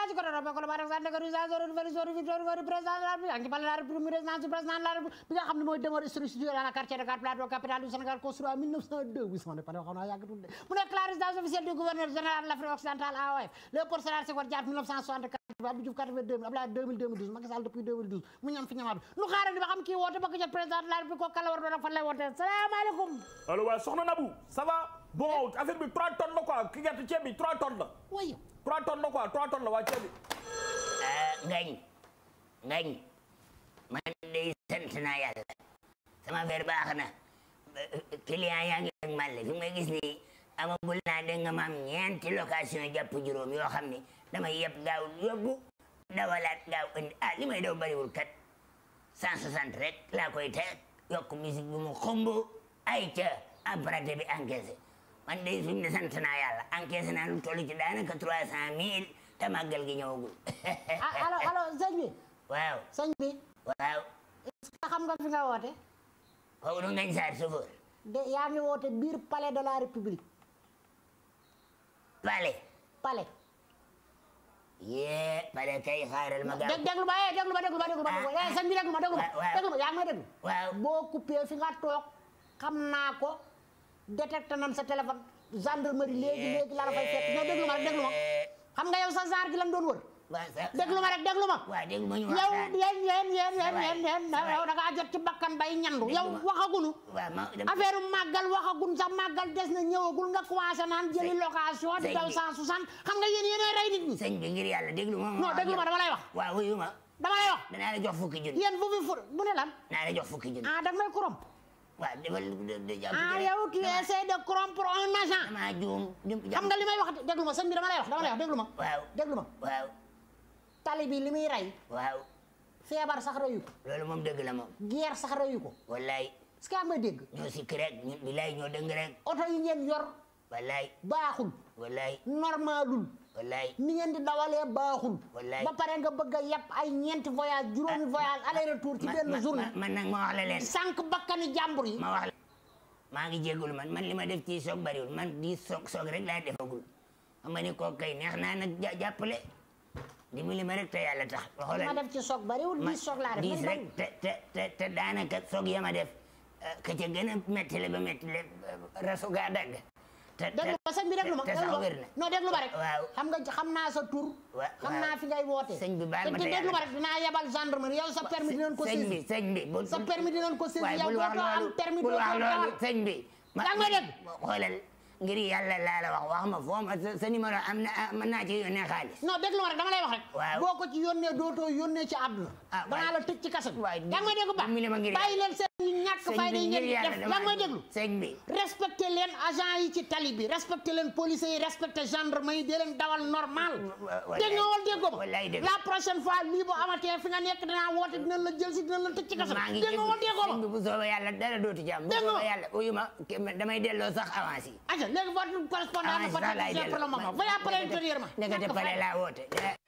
రాజకీయ మరొకసారి నగరు సోరు వరి సోరు విటోరు వరి ప్రజాదారు అంకిపల్లారు ప్రిమి రెసిడెన్స్ ప్రజాదారు bi nga xam ne mooy demeure structure à la quartier de carte plateau capitale du Sénégal construit en 1902 800 ne pare xaw naa yàgg tuuti mu nekk la résidence officielle du gouverneur général de l'Afrique occidentale AOF Léopold Sédar Senghor Diatta 1964 Abdou Diouf 82 Abdoulaye 2000 2012 Macky Sall depuis 2012 mu ñam fi ñamaat lu xaaral di ba xam kii woote ba ko jot président de la République kooku kan la war doon ak fan lay woote salaamaaleykum allo waa soxna Nabou ça va bon a bi 3 tonnes la quoi ki gerte ceeb bi 3 tonnes la. waaye. Euh, yoo xam ni damay yeb gaaw ah, may daw bariwul kat 160 rek laa koy teg yokk musique bi mu xumb ay ca emprunté bi encaissé man day fi mu ne sant naa yàlla encaissé naa lu toll ci daanaka trois cent mille te màggal gi ñëwagul. allo ah, allo sëñ bi. waaw sëñ bi. waaw. est-ce xam nga fi nga woote. kooku nu ngañ saar sofóor. de yaa ngi woote biir palais de la république. palais. palais. yee palais kay xaaral ma. gaaw déglu ma eh déglu ma déglu ma déglu yaa ngi may waaw boo coupé fi nga toog xam naa ko. détecté nan sa téléphone gendarmerie léegi léegi la la fay fekk xam nga yow sa saar gi lan doon wër déglu ma rek déglu ma yow yéen yéen da ngaa jot ci bakkan bay ñandu yow waxagunu affaire màggal waxagun sax màggal des na ñëwagul nga commencé naan jëli location di daw cent soixante xam nga yéen yéen rey nit ñi sëñ bi ngir yàlla déglu ma non déglu ma dama lay wax waaw wuyu ma dama lay wax danaa la jox fukki junni yéen bu fi fur bu ne lan naa la jox fukki junni ah dag may korom waaw defal déjà. ah yow tu essaies de corrompre un agent. damaa juum xam nga li may wax déglu ma sëñ bi dama lay wax dama lay wax déglu ma. waaw déglu ma. waaw. tali bi li muy rey. waaw. feebar sax reyu ko. loolu moom dëgg la moom. guerre sax reyu ko. wallaay. est-ce que am nga dégg. ñoo sikk rek ñun bilaay ñoo dëng rek. oto yi ngeen yor. wallaay baaxul. wallaay normalul. wallaay ni ngeen di dawalee baaxul. wallaay ba nga bëgg a yab ay ñeenti voyage juróomi ah, voyage man man nag ma sànq bakkani jàmbur yi. ma maa ngi jégalu man man li ma def ci soog bariwul man di soog soog rek laa defagul xam nga ni kooku kay neex naa nag ja jàppale. dimbali ma rek te yàlla tax. xoolal ma def soog bariwul di soog laa def. rek te te te te daanaka soog ya ma def. Eh, ka ca gën a métti la ba métti la eh, rasu gaa dagg. déglu ma sëñ bi déglu ma déglu ma non déglu ma rek xam nga xam naa sa tur xam naa fi ngay wootee sëñ bi baal ma te déglu ma rek dinaa yebal gendarmerie yow sa permis dinañ ko saisir sëñ bi sa permis dinañ ko saisir yow doo am permis doo am sëñ bi danga ngir yàlla laa la wax wax ma foo ma sa numéro am na ah, mën naa ci yónnee xaalis. non déglu ma rek dama lay wax rek. waaw boo ko ci yónnee dootoo yónnee ci àdduna. ah waay ci kaso bi. waay yaa ngi may déglu ba bàyyi leen seen ñu ñàkk fay dañuy ngeen leen agent yi ci tali bi respecté leen policiers yi respecté gendarme yi dee leen dawal normal. dégg nga wala déggoo ma la prochaine fois lii bu amatee fi nga nekk dinaa woote dinañ la jël si dinañ la tëj ci bu soobee yàlla dara dootu jàmm. dégg nga bu soobee yàlla ma damay delloo sax avance léegi votre correspondant ah, ne peut pas pour le moment veuillez appeler intérieurement.